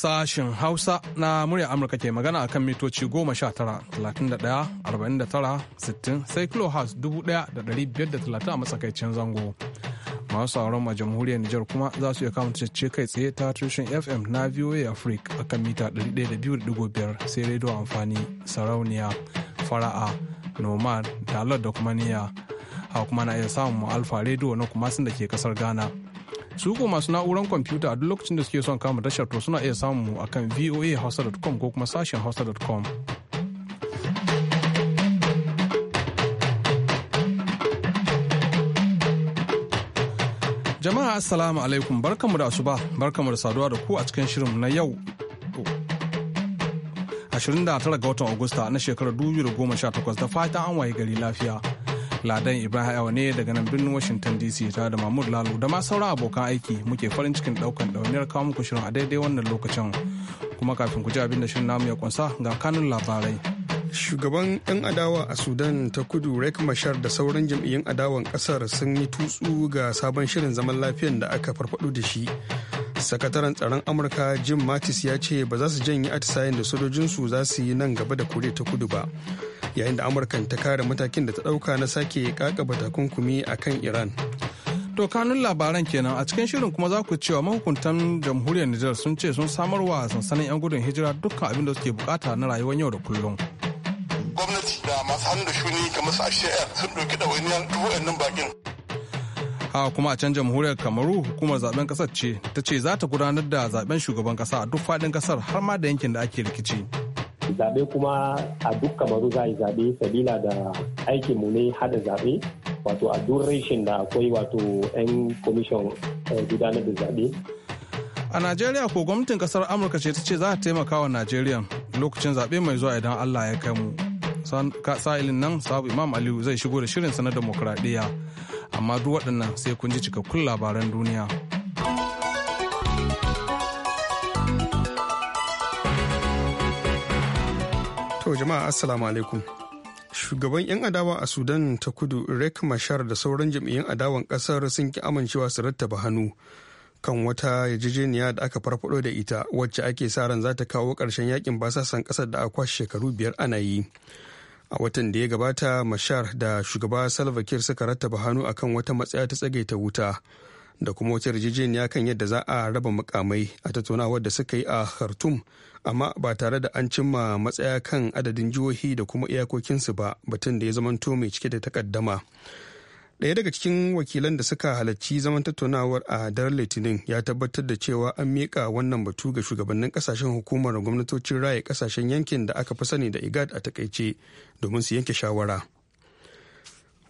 Sashen Hausa na murya Amurka ke magana a kan mitoci 19-31-49-60 sai kilohertz 1,530 a matsakaicin zango. Masu sauran a jamhuriyar Nijar kuma za su iya kama ce kai tsaye ta tushen FM na VOA Africa a kan mita 102.5 sai rediyo amfani sarauniya fara'a nomad dalar da kuma niya. Haka kuma na iya samun alfa rediyo na kuma sun da ke kasar Ghana. su ko masu na'uran kwamfuta a duk lokacin da suke son kama tashar to suna iya samu mu akan voahausa.com ko kuma sashen hausa.com Jama'a Assalamu alaikum barkanmu da asuba barkanmu da saduwa da ku a cikin shirin na yau 29 ga watan Agusta na shekarar 2018 da fatan an waye gari lafiya. Ladan Ibrahim ne daga nan birnin Washington DC ta da Mahmud Lalo da ma sauran abokan aiki muke farin cikin daukan dauniyar kawo muku shirin a daidai wannan lokacin. Kuma kafin ku ji abin da shirin namu ya kunsa ga kanun labarai. Shugaban 'yan adawa a Sudan ta kudu Rek Mashar da sauran jam'iyyun adawan kasar sun yi tutsu ga sabon shirin zaman lafiyan da aka farfado da shi sakataren tsaron amurka jim mattis ya ce ba za su janye atisayen da sojojinsu za su yi nan gaba da kore ta kudu ba yayin da amurkan ta kare matakin da ta dauka na sake kaka takunkumi a kan iran to kanun labaran kenan a cikin shirin kuma za ku cewa mahukuntan jamhuriyar nijar sun ce sun samarwa wa sansanin 'yan gudun hijira dukkan abin da suke bukata na rayuwar yau da kullum gwamnati da masu hannu da shuni kamar su ashe'ar sun ɗauki ɗawainiyar nan bakin haka kuma a can jamhuriyar kamaru hukumar zaben kasar ce ta ce za ta gudanar da zaben shugaban kasa a duk faɗin kasar har ma da yankin da ake rikici zaɓe kuma a duk kamaru za a yi zaɓe sabila da aikinmu ne hada zaɓe wato a duk rashin da akwai wato 'yan kwamishin eh, gudanar da zaɓe a najeriya ko gwamnatin kasar amurka ce ta ce za ta taimaka wa najeriya lokacin zaɓe mai zuwa idan allah ya kai mu sa'ilin nan sabu imam aliyu zai shigo da shirin sanar demokuraɗiyya amma duk waɗannan sai kun ji cikakkun labaran duniya. To jama'a assalamu alaikum. Shugaban 'yan adawa a Sudan ta kudu Rek Mashar da sauran jam'iyyun adawan kasar sun ki amincewa su rattaba hannu kan wata yarjejeniya da aka farfaɗo da ita wacce ake sa ran za ta kawo ƙarshen yakin basasan ƙasar da aka kwashe shekaru biyar ana yi. a watan da ya gabata mashar da shugaba salva kiir suka rattaba hannu a kan wata matsaya ta tsagaita wuta da kuma wata yarjejeniya kan yadda za a raba mukamai a tattaunawar da suka yi a khartoum amma ba tare da an cimma matsaya kan adadin jihohi da kuma iyakokinsu ba batun da ya zamanto mai cike da takaddama daya daga cikin wakilan da suka halarci zaman tattaunawar a daren Litinin ya tabbatar da cewa an miƙa wannan batu ga shugabannin kasashen hukumar gwamnatocin raya kasashen yankin da aka fi sani da IGAD a takaice domin su yanke shawara.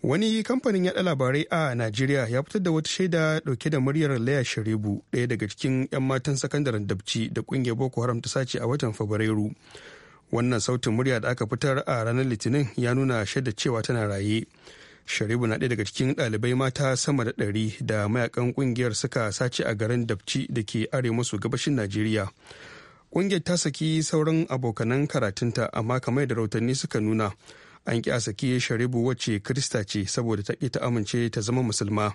Wani kamfanin yaɗa labarai a Najeriya ya fitar da wata shaida ɗauke da muryar Laya Sharibu ɗaya daga cikin 'yan matan sakandaren dabci da ƙungiyar Boko Haram ta sace a watan Fabrairu. Wannan sautin murya da aka fitar a ranar Litinin ya nuna shaida cewa tana raye. sharibu na ɗaya daga cikin ɗalibai mata sama da ɗari da mayakan ƙungiyar suka sace a garin dabci da ke arewa maso gabashin najeriya ƙungiyar ta saki sauran abokanan karatunta amma kamar da rautanni suka nuna an ƙi a saki sharibu wacce kirista ce saboda ta ƙi ta amince ta zama musulma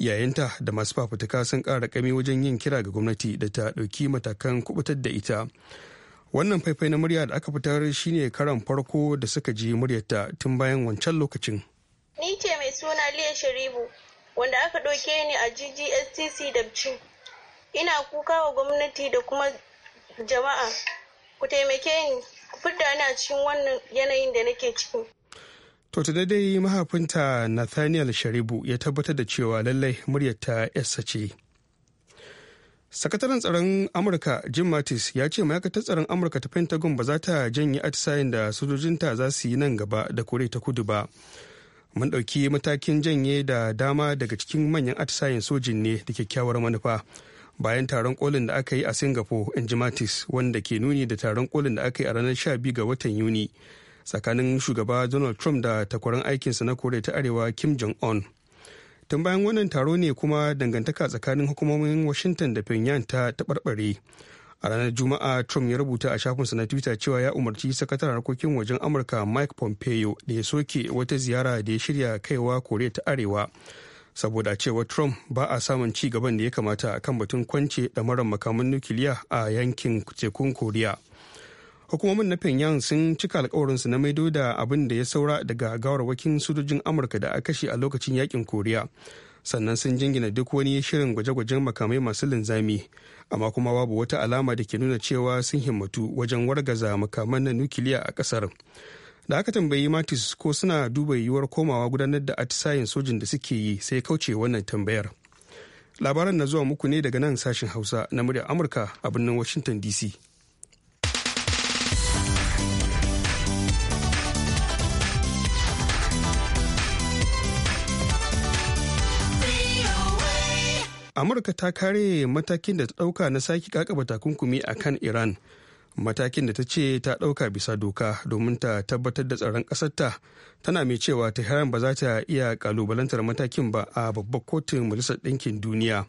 yayinta da masu fafutuka sun ƙara ƙami wajen yin kira ga gwamnati da ta ɗauki matakan kubutar da ita wannan faifai na murya da aka fitar shine karan farko da suka ji muryarta tun bayan wancan lokacin Ni ce mai suna Liya Sharibu, wanda aka ɗauke ni a GGSTC Dabci. Ina kuka wa gwamnati da kuma jama'a. Ku taimake ni, ku fidda ni a cikin wannan yanayin da nake ciki. To ta daidai mahaifinta Nathaniel Sharibu ya tabbatar da cewa lallai muryarta yasa ce. Sakataren tsaron Amurka Jim Mattis ya ce ma'aikatar tsaron Amurka ta Pentagon ba za ta janye atisayen da sojojinta za su yi nan gaba da kore ta kudu ba. mun ɗauki matakin janye da dama daga cikin manyan atisayen sojin ne da kyakkyawar manufa bayan taron kolin da aka yi a singapore in jimatis wanda ke nuni da taron kolin da aka yi a ranar 12 ga watan yuni tsakanin shugaba donald trump da takwaran aikinsa na koriya ta arewa kim jong-un tun bayan wannan taro ne kuma dangantaka tsakanin hukumomin washington da pyongyang ta taɓarɓare a ranar juma'a trump ya rubuta a shafinsa na twitter cewa ya umarci sakataren harkokin wajen amurka mike pompeo da ya soke wata ziyara da ya shirya kaiwa koriya ta arewa saboda cewa trump ba a samun ci gaban da ya kamata kan batun kwance da mara makaman nukiliya a yankin tekun koriya hukumomin na pyongyang sun cika alkawarinsu na maido da abin da ya saura daga gawarwakin sojojin amurka da a kashe a lokacin yakin koriya sannan sun jingina duk wani shirin gwaje-gwajen makamai masu linzami amma kuma babu wata alama da ke nuna cewa sun himmatu wajen wargaza makaman na nukiliya a kasar da aka tambayi matis ko suna duba yiwuwar komawa gudanar da atisayen sojin da suke yi sai kauce wannan tambayar labaran na zuwa muku ne daga nan sashen hausa na murya amurka a birnin washington dc amurka ta kare matakin da ta dauka na sake kakaba takunkumi a kan iran matakin da ta ce ta dauka bisa doka domin ta tabbatar da tsaron ƙasarta tana mai cewa tehran ba za ta iya kalubalantar matakin ba a babbar kotun majalisar ɗinkin duniya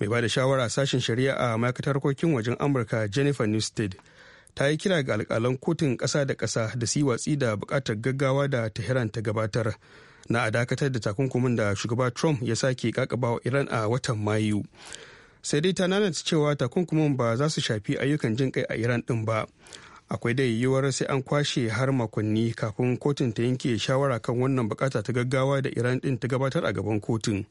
mai ba da shawara sashen shari'a a ma'aikatar harkokin wajen amurka jennifer newstead ta yi kira ga alƙalan kotun ƙasa da ƙasa da su da bukatar gaggawa da tehran ta gabatar na a dakatar da takunkumin da shugaba trump ya sake kakabawa iran a watan mayu sai dai ta nanata cewa takunkumin ba za su shafi ayyukan jin kai a iran din ba akwai dai yiwuwar sai an kwashe har makonni kafin kotun ta yanke shawara kan wannan bukata ta gaggawa da iran din ta gabatar a gaban kotun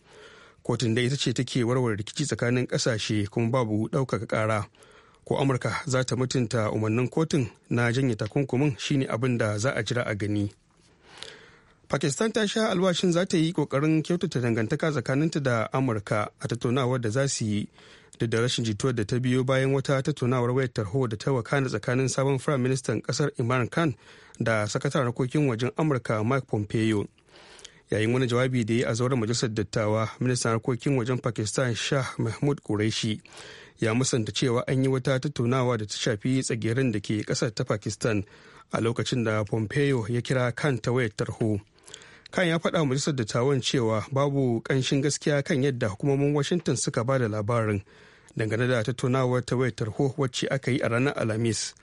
kotun da ita ce take warware rikici tsakanin kasashe kuma babu ɗaukaka ƙara ko amurka za ta mutunta umarnin kotun na janye takunkumin shine abin da za a jira a gani Pakistan ta sha alwashin za ta yi kokarin kyautata dangantaka tsakaninta da Amurka a tattaunawar da za su yi duk da rashin jituwar da ta biyo bayan wata tattaunawar wayar tarho da ta wakana tsakanin sabon firayim ministan kasar Imran Khan da sakataren harkokin wajen Amurka Mike Pompeo. Yayin wani jawabi da ya a zauren majalisar dattawa, ministan harkokin wajen Pakistan Shah Mahmud Qureshi ya musanta cewa an yi wata tattaunawa da ta shafi tsagerin da ke kasar ta Pakistan a lokacin da Pompeo ya kira kan ta wayar tarho. kan ya faɗa majalisar dattawan cewa babu ƙanshin gaskiya kan yadda hukumomin washington suka ba da labarin dangane da tattaunawar ta wayar tarho wacce aka yi a ranar alhamis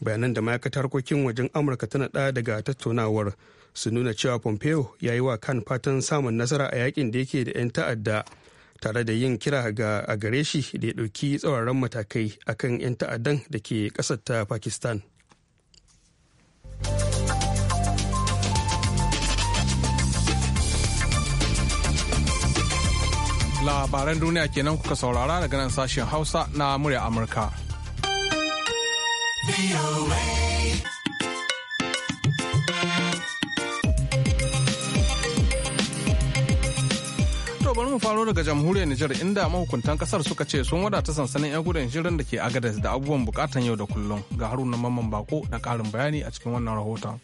bayanan da ma'aikatar harkokin wajen amurka tana ɗaya daga tattaunawar su nuna cewa pompeo ya yi wa kan fatan samun nasara a yakin da yake da 'yan ta'adda tare da yin kira ga a gare shi da ya ɗauki tsauraran matakai akan 'yan ta'addan da ke ƙasar ta pakistan labaran duniya kenan kuka saurara daga nan sashen hausa na murya amurka bari mu faro daga jamhuriyar Nijar inda mahukuntan kasar suka ce sun wadata sansanin 'yan gudun shirin da ke agadas da abubuwan bukatan yau da kullum ga haruna mamman bako na karin bayani a cikin wannan rahoton.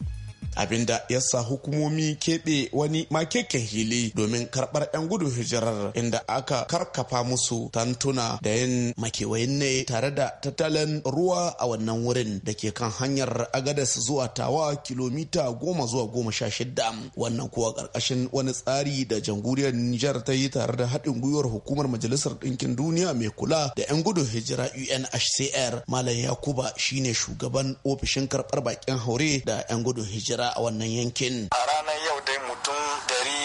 abinda ya sa hukumomi keɓe wani makeken hili domin karɓar 'yan gudun hijirar inda aka karkafa musu tantuna da yin makewayin ne tare da tattalin ruwa a wannan wurin da ke kan hanyar agadas zuwa tawa kilomita goma zuwa goma sha shida wannan kuwa ƙarƙashin wani tsari da jamhuriyar nijar ta yi tare da haɗin gwiwar hukumar majalisar ɗinkin duniya mai kula da 'yan gudun hijira unhcr malam yakuba shine shugaban ofishin karɓar baƙin haure da 'yan gudun hijira tara a wannan yankin. A ranar yau dai mutum dari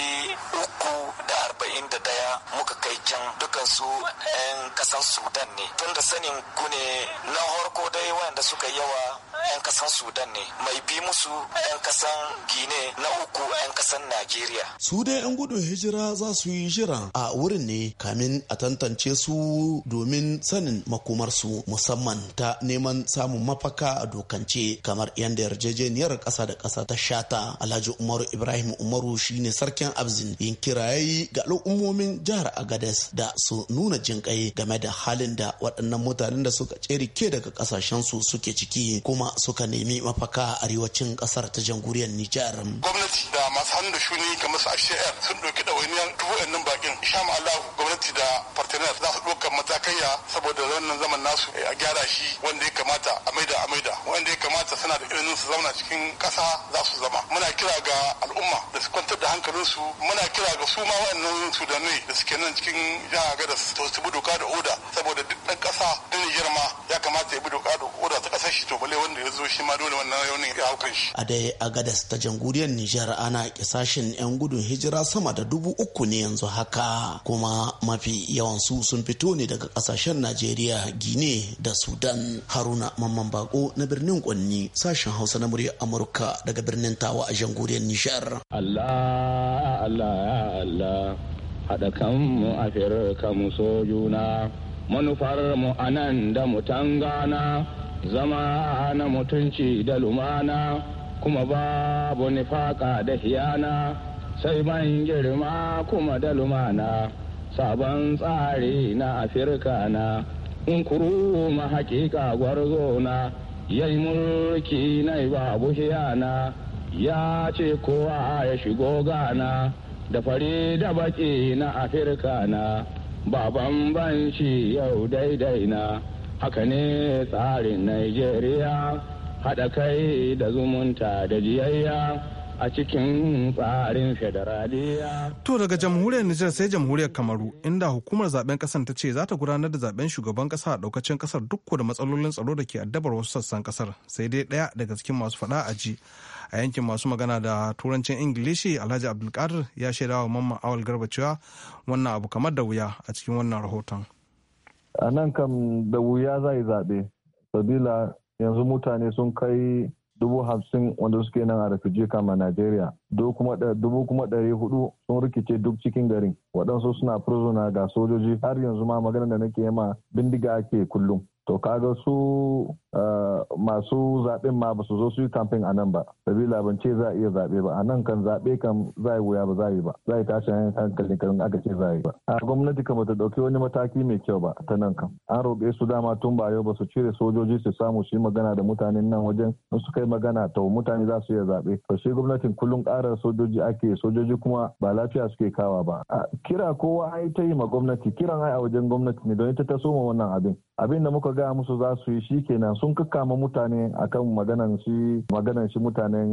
uku da arba'in da daya muka kai can dukansu 'yan kasan Sudan ne. Tun da sanin ku ne na farko dai wayanda suka yawa 'yan kasan Sudan ne, mai bi musu 'yan kasan Gine na uku 'yan kasan Najeriya. Su dai 'yan gudun hijira za su yi jira a wurin ne kamin a tantance su domin sanin makomarsu musamman ta neman samun mafaka a dokance kamar yadda yarjejeniyar ƙasa da ƙasa ta shata Alhaji Umaru Ibrahim Umaru shine sarkin Abzin yin kirayayi ga al'ummomin jihar Agades da su nuna jinƙai game da halin da waɗannan mutanen da suka tsere daga su suke ciki kuma suka nemi mafaka a arewacin kasar ta jamhuriyar Nijar. Gwamnati da masu hannu da shuni kamar su HCR sun ɗauki ɗawainiyar dubu nan bakin. Sha Allah gwamnati da partner za su ɗaukar matakaiya saboda wannan zaman nasu a gyara shi wanda ya kamata a maida a maida wanda ya kamata suna da ilimin su zauna cikin ƙasa za su zama. Muna kira ga al'umma da su kwantar da hankalinsu muna kira ga su ma waɗannan sudanai da suke nan cikin jihar Gadas to su bi doka da oda saboda duk ɗan ƙasa da Nijar ya kamata ya bi doka da oda ta ƙasar shi to balle wanda ya zo shi ma dole wannan rauni ya haukan shi. A dai a gadas ta jamhuriyar Nijar ana kisashin 'yan gudun hijira sama da dubu uku ne yanzu haka kuma mafi yawan su sun fito ne daga kasashen Najeriya, Gine da Sudan. Haruna Mamman Bako na birnin Kwanni sashen Hausa na muryar Amurka daga birnin Tawa a jamhuriyar Nijar. Allah Allah ya Allah haɗa kanmu a mu so juna. manufarmu a nan da mutan gana zama na mutunci da lumana kuma babu nifaka da hiyana sai ban girma kuma da lumana sabon tsari na afirka na kuru ma hakika gwarzo na yayi mulki na babu hiyana ya ce kowa ya shigo gana da fari da baki na afirka na ba shi yau daidai na haka ne tsarin Najeriya haɗa kai da zumunta da jiyayya a cikin tsarin federaliya. To daga jamhuriyar Nijar sai jamhuriyar Kamaru inda hukumar zaben ƙasar ta ce za ta gudanar da zaben shugaban kasa a daukacin kasar duk da matsalolin tsaro da ke addabar wasu sassan kasar sai dai ɗaya daga cikin masu faɗa a ji a yankin masu magana da turancin ingilishi alhaji abdulkadir ya shaidawa mamman awal garba cewa wannan abu kamar da wuya a cikin wannan rahoton a nan kam da wuya za yi zaɓe sabila yanzu mutane sun kai dubu hamsin wanda suke nan a rafiji kama Najeriya. Dubu kuma ɗari hudu sun rikice duk cikin garin. Waɗansu suna fursuna ga sojoji har yanzu ma maganar da nake ma bindiga ake kullum. To kaga su Eh, masu zaɓen ma ba su zo su yi kamfen a nan ba sabila ban ce za a iya zaɓe ba a nan kan zaɓe kan za yi wuya ba za yi ba za yi tashin hankali kan aka ce za yi ba a gwamnati kan bata ɗauki wani mataki mai kyau ba ta nan kan an roƙe su dama tun ba yau ba su cire sojoji su samu su yi magana da mutanen nan wajen in su kai magana ta mutane za su iya zaɓe to shi gwamnatin kullum ƙarar sojoji ake sojoji kuma ba lafiya suke kawa ba kira kowa ai ta yi ma gwamnati kiran ai a wajen gwamnati ne don ita ta soma wannan abin abin da muka gaya musu za su yi shi kenan su sun kakkama mutane akan maganan shi maganan shi mutanen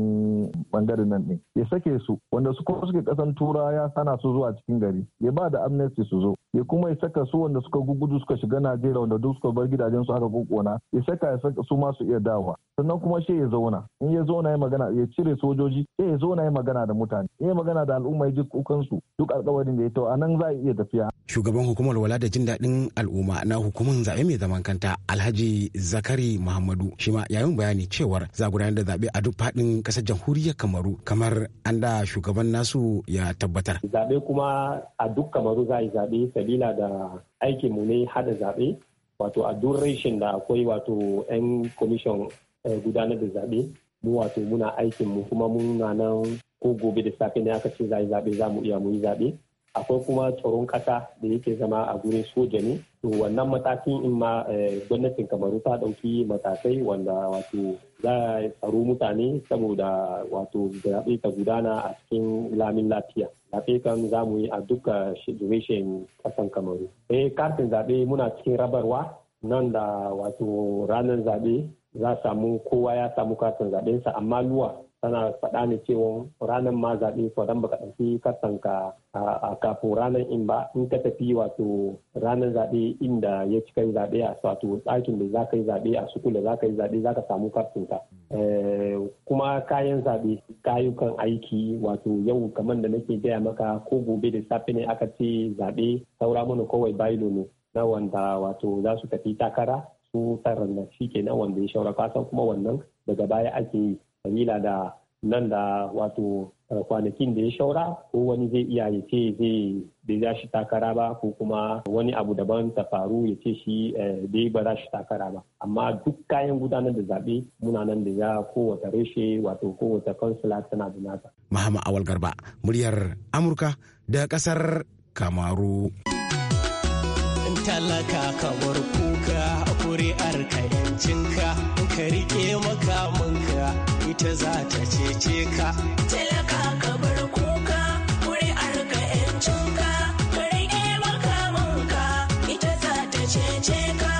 bangaren nan din ya sake su wanda su kuma suke kasan tura ya sana su zuwa cikin gari ya ba da amnesty su zo ya kuma ya saka su wanda suka gugudu suka shiga najeriya wanda duk suka bar gidajen su aka kokona ya saka ya saka su ma iya dawa sannan kuma shi ya zauna in ya zauna ya magana ya cire sojoji sai ya zauna ya magana da mutane ya magana da al'umma ya ji kukansu duk alkawarin da ya tawa anan za a iya tafiya shugaban hukumar wala da jin daɗin al'umma na hukumar zaɓe mai zaman kanta alhaji zakari muhammadu shi ma yayin bayani cewar za gudanar da zaɓe a duk faɗin ƙasar jamhuriyar kamaru kamar an da shugaban nasu ya tabbatar zaɓe kuma a duk kamaru za yi zaɓe sabila da aikin mu ne hada zaɓe wato a duk reshen da akwai wato 'yan commission eh, gudanar da zaɓe mu wato muna aikin mu kuma muna nan ko gobe da safe ne aka ce za yi zaɓe za mu iya mu yi zaɓe akwai kuma tsaron kasa da yake zama a gurin soja ne to wannan matakin in ma eh, gwamnatin kamaru ta ɗauki matakai wanda wato za a tsaro mutane saboda wato zaɓe ta gudana a cikin lamin lafiya zaɓe kan za mu yi a duka reshen kasan kamaru e eh, kartin zaɓe muna cikin rabarwa nan da wato ranar zaɓe za samu kowa ya samu katin zaɓensa amma luwa tana faɗa ne cewa ranar ma zaɓe dan baka ɗauki kasanka a kafin ranar in ba in ka tafi wato ranar zaɓe inda ya ci kai zaɓe a wato ɗakin da za ka yi zaɓe a suku da za ka yi zaɓe za ka samu ka eh, kuma kayan zaɓe kayukan aiki wato yau kamar da nake gaya maka ko gobe da safe ne aka ce zaɓe saura mana kowai bailo ne na wanda wato za su tafi takara su tarar da shi kenan wanda ya shaura kasan kuma wannan daga baya ake yi sabila da nan da wato eh, kwanakin da ya shaura ko wani zai iya ya ce zai bai za shi takara ba ko kuma wani abu daban ta faru ya ce shi eh, bai ba za shi takara ba amma duk kayan gudanar da zaɓe muna nan da ya kowace reshe wato kowace kansula tana da nata. Mahama Awal Garba muryar Amurka da ƙasar Kamaru. Talaka kamar kuri'ar ka yancinka ka rike makamanka ita za ta cece ka talaka ka bar kuka kuri'ar ka yancinka ka rike makamanka ita za ta cece ka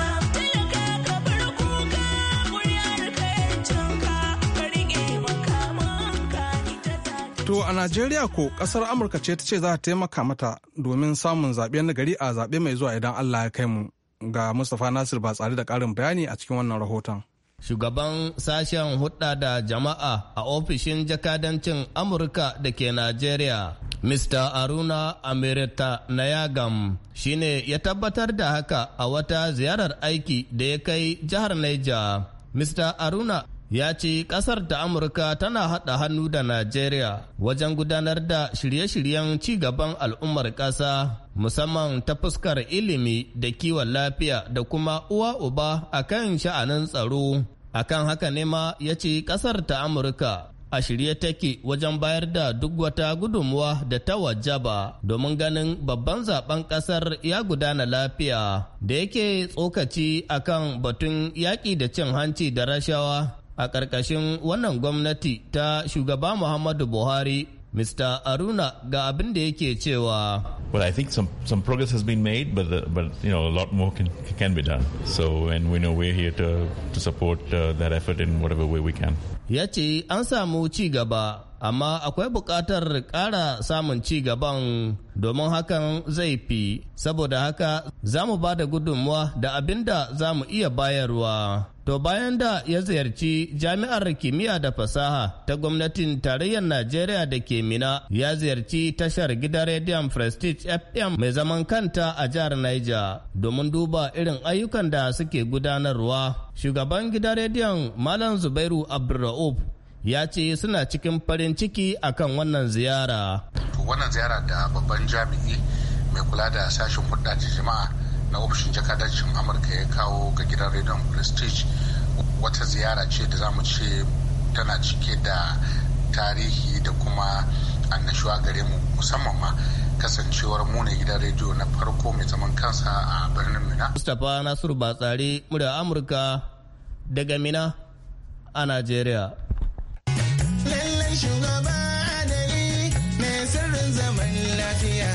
To a Najeriya ko kasar Amurka ce ta ce za ta taimaka mata domin samun zaɓen na gari a zaɓe mai zuwa idan Allah ya kai mu. ga Mustapha Nasir ba tsari da ƙarin bayani a cikin wannan rahoton. Shugaban sashen hudda da jama'a a ofishin jakadancin Amurka da ke Najeriya, Mr. Aruna Amirita Nayagam ne ya tabbatar da haka a wata ziyarar aiki da ya kai jihar neja Mr. Aruna ya ce ƙasar ta amurka tana haɗa hannu da najeriya wajen gudanar da shirye-shiryen ci gaban al'ummar ƙasa musamman ta fuskar ilimi da kiwon lafiya da kuma uwa uba a kan sha'anin tsaro a kan haka nema ya ce ƙasar ta amurka a shirye take wajen bayar da duk wata gudunmuwa da ta wajaba domin ganin babban zaben ƙasar ya gudana lafiya da yake tsokaci a kan batun yaƙi da cin hanci da rashawa a ƙarƙashin wannan gwamnati ta shugaba muhammadu buhari Mr. Aruna ga abin da yake cewa. Well, I think some, some progress has been made, but, the, but you know, a lot more can, can be done. So, and we know we're here to, to support uh, that effort in whatever way we can. Ya ce an samu ci gaba, amma akwai buƙatar ƙara samun ci gaban domin hakan zai fi, saboda haka zamu mu ba da gudunmuwa da abin da iya bayarwa. To bayan da ya ziyarci jami'ar kimiyya da fasaha ta gwamnatin tarayyar Najeriya da ke Mina ya ziyarci tashar gida rediyon Prestige FM mai zaman kanta a jihar Niger domin duba irin ayyukan da suke gudanarwa. Shugaban gidan rediyon Malam Zubairu Abdulra'ub ya ce suna cikin farin ciki akan wannan ziyara. Wannan ziyara da babban jami'i mai kula da sashen jama'a na ofishin jakadancin amurka ya kawo ga gidan rediyon prestige wata ziyara ce da za mu ce tana cike da tarihi da kuma annashuwa gare mu musamman ma kasancewar mu ne gidan rediyo na farko mai zaman kansa a birnin mina mustapha nasiru batsari murya amurka daga mina a nigeria. lallai shugaba adali sirrin zaman lafiya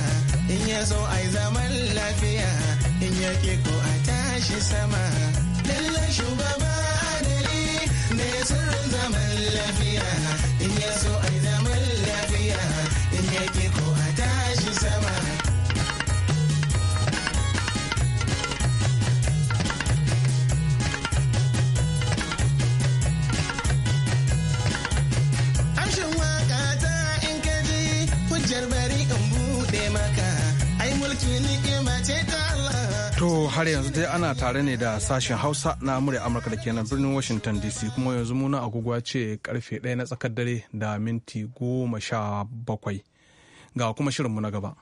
in ya so ayi zaman lafiya ya ke ko a tashi sama. Lallai shugaba har yanzu dai ana tare ne da sashen Hausa na murya Amurka da kenan birnin Washington DC kuma yanzu muna agogwa ce karfe 1 na tsakar dare da minti goma sha bakwai ga kuma shirin mu na gaba.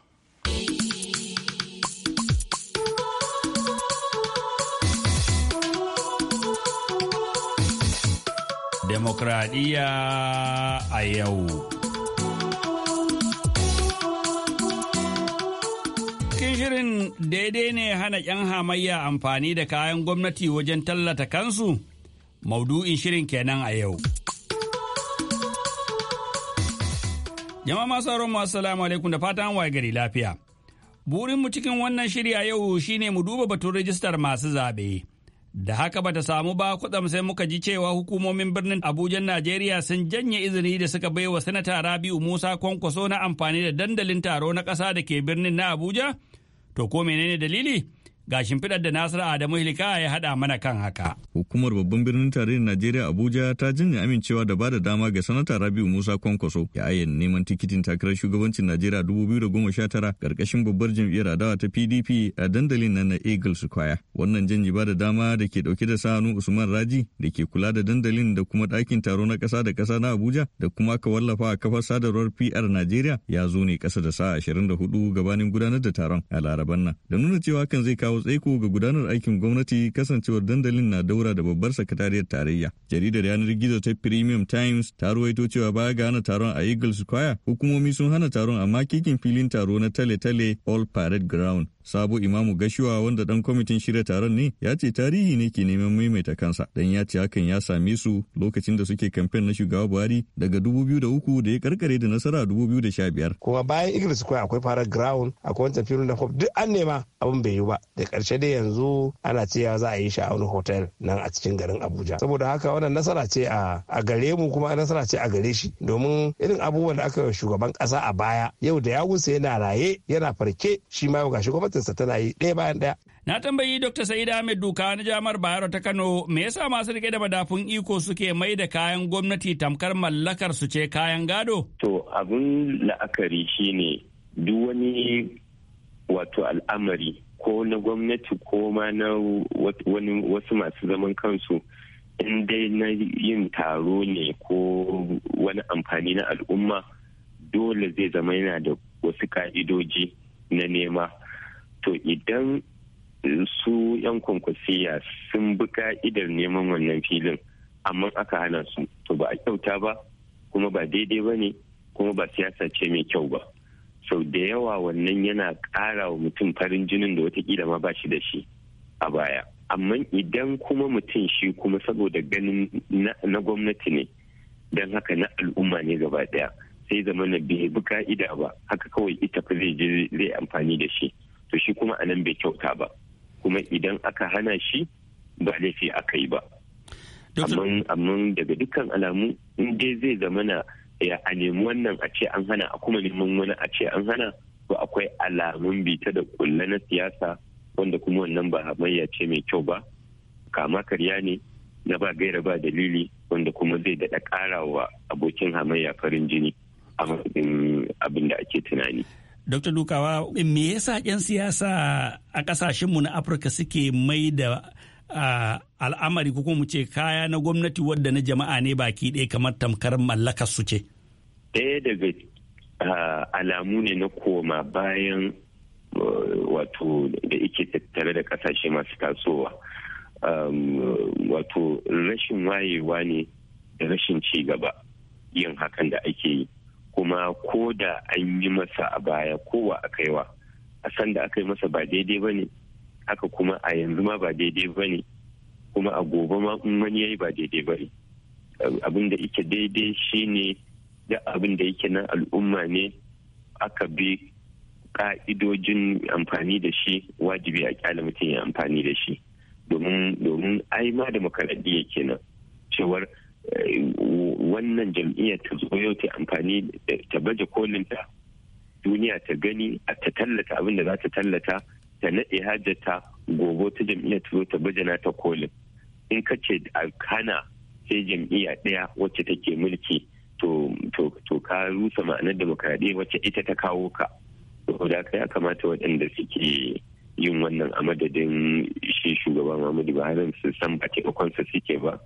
Demokradiyya a yau. shirin daidai ne hana 'yan hamayya amfani da kayan gwamnati wajen tallata kansu? Maudu'in shirin kenan a yau. Jama'a masu auren masu salamu alaikum da fatan waye gari lafiya. Burinmu cikin wannan shiri a yau shine mu duba batun rajistar masu zaɓe. Da haka bata samu ba kuɗam sai muka ji cewa hukumomin birnin Abuja Najeriya sun janye izini da suka baiwa Sanata Rabiu Musa Kwankwaso na amfani da dandalin taro na ƙasa da ke birnin na Abuja To ko menene dalili? ga shimfiɗar da Nasiru Adamu Hilika ya haɗa mana kan haka. Hukumar babban birnin tarihin Najeriya Abuja ta jinya amincewa da bada dama ga sanata Rabiu Musa Kwankwaso ya ayyana neman tikitin takarar shugabancin Najeriya 2019 karkashin babbar jam'iyyar adawa ta PDP a dandalin nan na Eagle Square. Wannan janyi bada dama da ke dauke da sanu Usman Raji da ke kula da dandalin da kuma ɗakin taro na ƙasa da ƙasa na Abuja da kuma ka wallafa a kafar sadarwar PR Najeriya ya zo ne ƙasa da sa'a 24 gabanin gudanar da taron a Laraban nan. Da nuna cewa kan zai kawo kawo tsaiko ga gudanar aikin gwamnati kasancewar dandalin na daura da babbar sakatariyar tarayya. Jaridar yanar gizo ta Premium Times ta ruwaito cewa baya ga hana taron a Eagle Square, hukumomi sun hana taron a makikin filin taro na tale-tale All Parade Ground. Sabo Imamu Gashiwa wanda dan kwamitin shirya taron ne ya ce tarihi ne ke neman maimaita kansa dan ya ce hakan ya same su lokacin da suke kamfen na shugaba Buhari daga 2003 da ya karkare da nasara 2015. Kuma bayan Eagle Square akwai fara Ground akwai wancan filin na Hope duk an nema abin bai yi ba da karshe dai yanzu ana cewa za a yi shi a wani hotel nan a cikin garin abuja saboda haka wannan nasara ce a gare mu kuma nasara ce a gare shi domin irin abubuwan da aka yi shugaban kasa a baya yau da ya wuce yana raye yana farke shi ma ga gwamnatinsa tana yi ɗaya bayan ɗaya Na tambayi Dr. Sa'id Ahmed Duka na Jami'ar Bayero ta Kano me yasa masu rike da madafun iko suke mai da kayan gwamnati tamkar mallakar su ce kayan gado? To abin la'akari shine duk wani wato al'amari ko na gwamnati ko ma na wasu masu zaman kansu in dai na yin taro ne ko wani amfani na al'umma dole zai zama yana da wasu ka'idoji na nema to idan su 'yan kwankwasiya sun bi ka'idar neman wannan filin amma aka hana su to ba a kyauta ba kuma ba daidai ba ne kuma ba siyasa ce mai kyau ba sau da yawa wannan yana ƙara wa mutum farin jinin da watakila ma ba shi da shi a baya amma idan kuma mutum shi kuma saboda ganin na gwamnati ne don haka na al'umma ne gaba daya sai zama na bai bi ka'ida ba haka kawai ita fa zai zai amfani da shi to shi kuma a nan bai kyauta ba kuma idan aka hana shi ba laifi aka yi ba amma daga dukkan alamu in dai zai zama na Eh, a nemi wannan a ce an hana a kuma neman wani a ce an hana to akwai alamun bita da kulla na siyasa wanda kuma wannan ba hamayya ce mai kyau ba kama karya ne na ba gaira ba dalili wanda kuma zai daɗa ƙara wa abokin hamayya farin jini a matsayin abin da ake tunani. Dr. Dukawa, me yasa 'yan siyasa a ƙasashenmu na Afirka suke mai da al'amari ko mu ce kaya na gwamnati wadda na jama'a ne baki ɗaya kamar tamkar mallakar su ce? Ɗaya daga ah, alamu ne na koma bayan uh, wato da ike tattare da ƙasashe masu tasowa. Um, wato rashin wayewa ne da rashin ci gaba yin hakan da ake yi. Kuma ko da an yi masa a baya kowa a kaiwa, a san da aka yi masa ba daidai ba ne, haka kuma a yanzu ma ba daidai ba ne. kuma a gobe ma in wani yayi ba daidai ba abin da yake daidai shine da abin da yake na al'umma ne aka bi ka'idojin amfani da shi wajibi a kyale mutum ya amfani da shi domin ai ma da yake kenan cewar eh, wannan jam'iyya ta zo yau ta amfani ta baje kolin ta duniya ta gani a ta tallata abin da za ta tallata ta naɗe hajjata gobe ta jam'iyyar ta zo ta baje na ta kolin in ka ce a kana sai jam'iyya ɗaya wacce take mulki to ka rusa ma'anar demokradiyya wacce ita ta kawo ka da ka ya kamata waɗanda suke yin wannan a madadin shi shugaba Muhammadu Buhari su san ba taimakonsa suke ba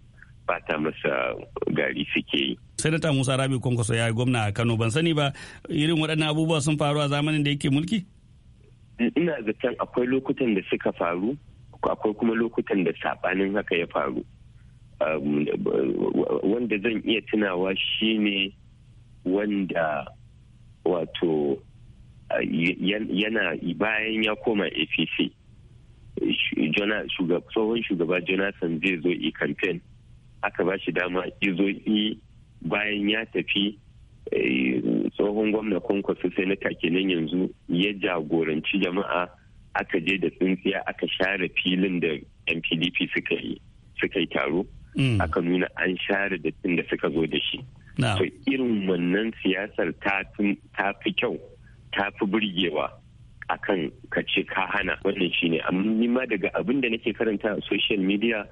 ba ta masa gari suke yi. Sanata Musa Rabi Kwankwaso ya yi gwamna a Kano ban sani ba irin waɗannan abubuwa sun faru a zamanin da yake mulki? Ina zaton akwai lokutan da suka faru akwai kuma lokutan da saɓanin haka ya faru um, wanda zan iya tunawa shine wanda wato uh, yana bayan ya koma apc tsohon shugaba jonathan zai zo i campaign aka ba shi dama izo i bayan ya tafi eh, tsohon gwamna kwankwaso senator kenan yanzu ya jagoranci jama'a aka je da tsintsiya aka share filin da yan suka yi suka yi taro mm. aka nuna an share dattin da suka zo da shi to irin wannan siyasar ta fi kyau ta fi burgewa akan ka ce ka hana wannan shine amma ma daga abin da nake karanta a social media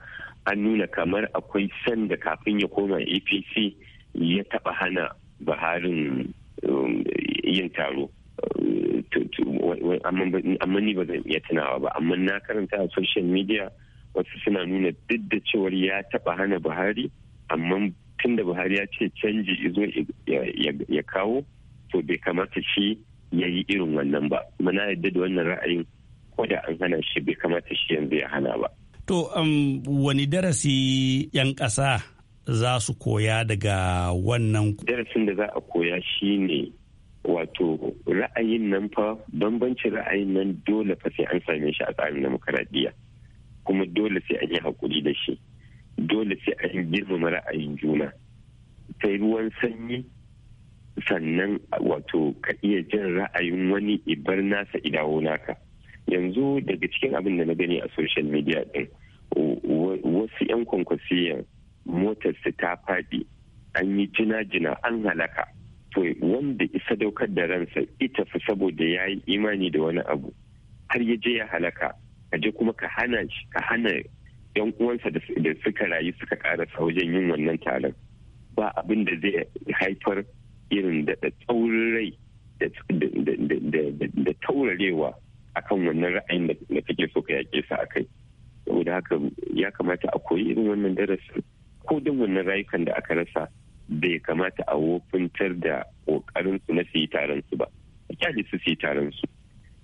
an nuna kamar akwai sanda kafin ya koma apc ya taba hana baharin um, yin taro uh, amma ni ba zan iya tunawa ba amma na karanta a social media wasu suna nuna duk da cewar ya taba hana buhari amma tun da buhari ya ce canji izo ya kawo to bai kamata shi ya yi irin wannan ba kuma na yadda da wannan ra'ayin ko da an hana shi bai kamata shi yanzu ya hana ba to um, wani darasi yan ƙasa za su koya daga wannan darasin da za a koya shine wato ra'ayin nan fa bambancin ra'ayin nan dole fa sai an same shi a tsarin demokaradiyya kuma dole sai an yi hakuri da shi dole sai an girmama ra'ayin juna sai ruwan sanyi sannan wato ka iya jin ra'ayin wani ibar nasa idawo naka yanzu daga cikin abin da na gani a social media din wasu 'yan kwankwasiyan motar ta faɗi an yi jina-jina an halaka to wanda isa daukar da ransa ita fi saboda ya yi imani da wani abu har ya je ya halaka a je kuma ka hana ka hana yan uwansa da suka rayu suka karasa wajen yin wannan taron ba abin da zai haifar irin da tsaurin rai da taurarewa akan wannan ra'ayin da kake so ka yake sa akai saboda haka ya kamata a koyi irin wannan darasin ko don wannan rayukan da aka rasa bai kamata a wofintar da kokarin su na sayi taronsu taron su ba a kyale su sai taron su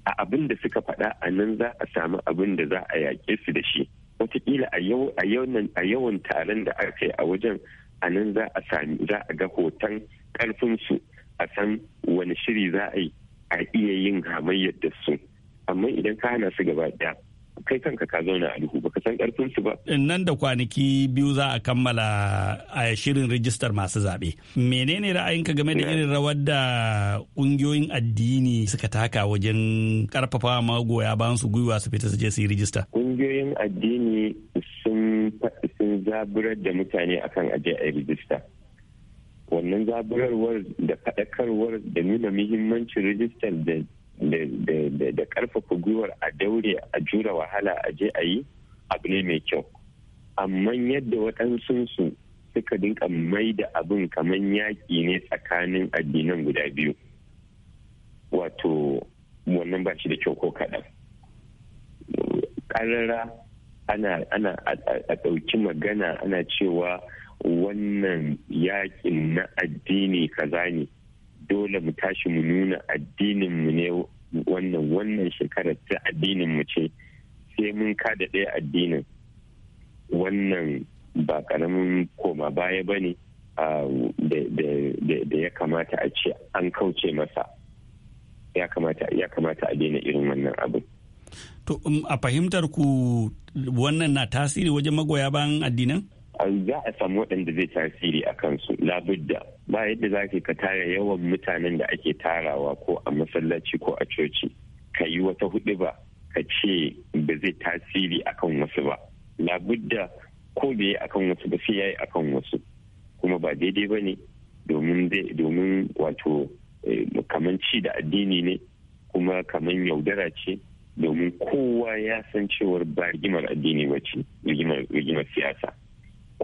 a abin da suka faɗa a nan za a samu abin da za a yaƙe su da shi wataƙila a yawan taron da aka yi a wajen a nan za a sami za a ga hoton ƙarfin su a san wani shiri za a yi a iya yin hamayyar da su amma idan ka hana su gaba ɗaya kai kanka ka zauna a duhu baka san karfin su ba nan da kwanaki biyu za a kammala a shirin rijistar masu zaɓe menene ra'ayinka game da irin rawar da ƙungiyoyin addini suka taka wajen karfafa magoya bayan su gwiwa su fita su je su yi rijista ƙungiyoyin addini sun sun zaburar da mutane akan aje a rijista wannan zaburarwar da faɗakarwar da nuna muhimmancin rijistar da da karfafa gwiwar a daure a jura wahala a je a yi abu ne mai kyau amma yadda waɗansu su suka dinka mai da abin kamar yaƙi ne tsakanin addinan guda biyu wato wannan ba shi da kyau ko kaɗan ƙarara ana a ɗauki magana ana cewa wannan yaƙin na addini kaza ne dole mu tashi mu nuna addininmu ne wannan wannan shekarar ta addinin mu ce sai mun kada ɗaya addinin wannan ba karamin koma baya ba ne da ya kamata a ce an kauce masa ya kamata a daina irin wannan abin to um, a fahimtar ku wannan na tasiri wajen magoya bayan addinan? za a samu waɗanda zai tasiri a kansu labudda ba yadda za ka tara yawan mutanen da ake tarawa ko a masallaci ko a coci ka yi wata hudu ba ka ce ba zai tasiri a kan wasu ba labudda ko da ya kan wasu ba sai ya yi a kan wasu kuma ba daidai ba ne domin wato eh, kamar ci da addini ne kuma kaman yaudara ce domin kowa ya san cewar ba rigimar addini ba ce rigimar siyasa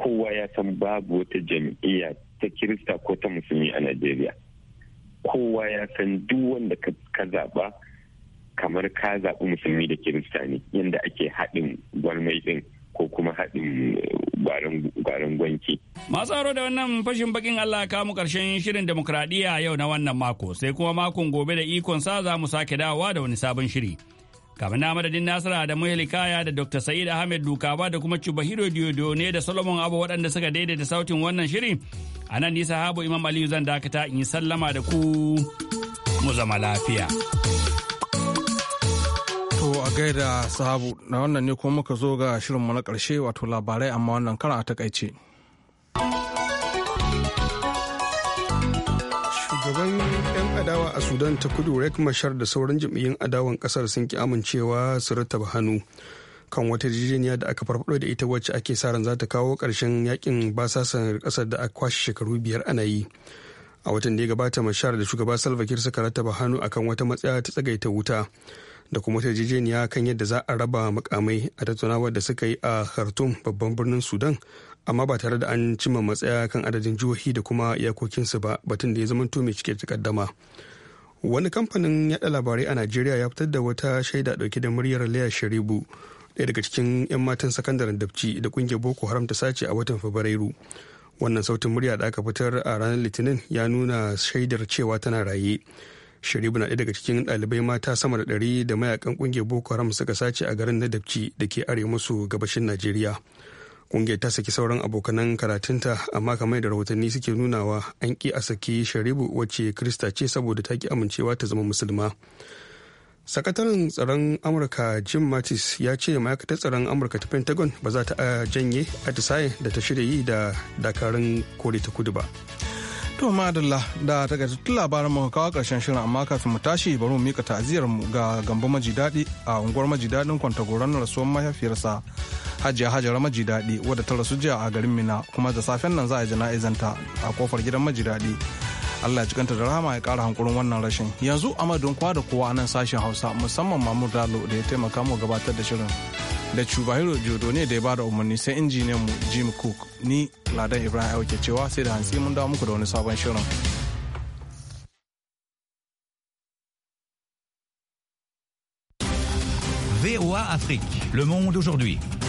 kowa ya san babu wata jam'iyya ta kirista ko ta musulmi a najeriya kowa ya san duk wanda ka zaɓa kamar ka zaɓi musulmi da kirista ne yadda ake haɗin gwalmai ɗin ko kuma haɗin eh, gwaran gwanki. Masu aro da wannan fashin bakin Allah ka mu karshen shirin demokradiyya yau na wannan mako sai kuma makon gobe da ikon sa za mu sake dawowa da wani sabon shiri. kamar na madadin Nasara da kaya da Dr. Sa'id Ahmed Dukaba da kuma Chubahiro ne da Solomon Abu waɗanda suka daidaita sautin wannan shiri. A nan nisa habu Imam Aliyu zan dakata in yi sallama da ku mu zama lafiya. To a gaida sahabu na wannan ne kuma muka zo ga shirinmu na karshe wato labarai amma wannan kara a takaice. Shugaban adawa a sudan ta kudu rek mashar da sauran jam'iyyun adawan kasar sun ki amincewa su rattaba hannu kan wata yarjejeniya da aka farfado da ita wacce ake sa ran za ta kawo karshen yakin basasan kasar da aka kwashe shekaru biyar ana yi a watan da ya gabata mashar da shugaba salva kiir suka rattaba hannu akan wata matsaya ta tsagaita wuta da kuma ta jijiniya kan yadda za a raba makamai a tattaunawar da suka yi a khartoum babban birnin sudan amma ba tare da an cimma matsaya kan adadin jihohi da kuma iyakokinsu ba batun da ya zama mai cike takaddama wani kamfanin yada labarai a najeriya ya fitar da wata shaida dauke da muryar leah sharibu ɗaya daga cikin 'yan matan sakandaren dabci da kungiyar boko haram ta sace a watan fabrairu wannan sautin murya da aka fitar a ranar litinin ya nuna shaidar cewa tana raye sharibu na ɗaya daga cikin ɗalibai mata sama da ɗari da mayakan kungiyar boko haram suka sace a garin na dabci da ke arewa maso gabashin najeriya kungiyar ta saki sauran abokanan karatunta amma kamar da rahotanni suke nunawa an ki a saki sharibu wacce krista ce saboda ta ki amincewa ta zama musulma sakataren tsaron amurka jim mattis ya ce ma'aikatar tsaron amurka ta pentagon ba za ta ah, janye atisaye da ta shirya yi da dakarun kore ta kudu ba To madalla da takaitattun labaran muka kawo karshen shirin amma kafin mu tashi bari mu mika ta'aziyar mu ga Gambo majidadi a unguwar majidadin kwantagoran rasuwar mahaifiyarsa Hajiya Hajara majidadi wadda ta rasu jiya a garin Mina kuma da safen nan za a jana'izanta a kofar gidan majidadi. Allah jikanta da rahama ya kara hankulin wannan rashin yanzu a madon kowa da kowa nan sashen hausa musamman mahmud dalo da ya taimaka mu gabatar da shirin da cubahiro jodo ne da ya bada umarni sai injiniyan mu jim cook ni ladan ibrahim ke cewa sai da hantsi mun dawo muku da wani sabon shirin VOA Afrique, le monde aujourd'hui.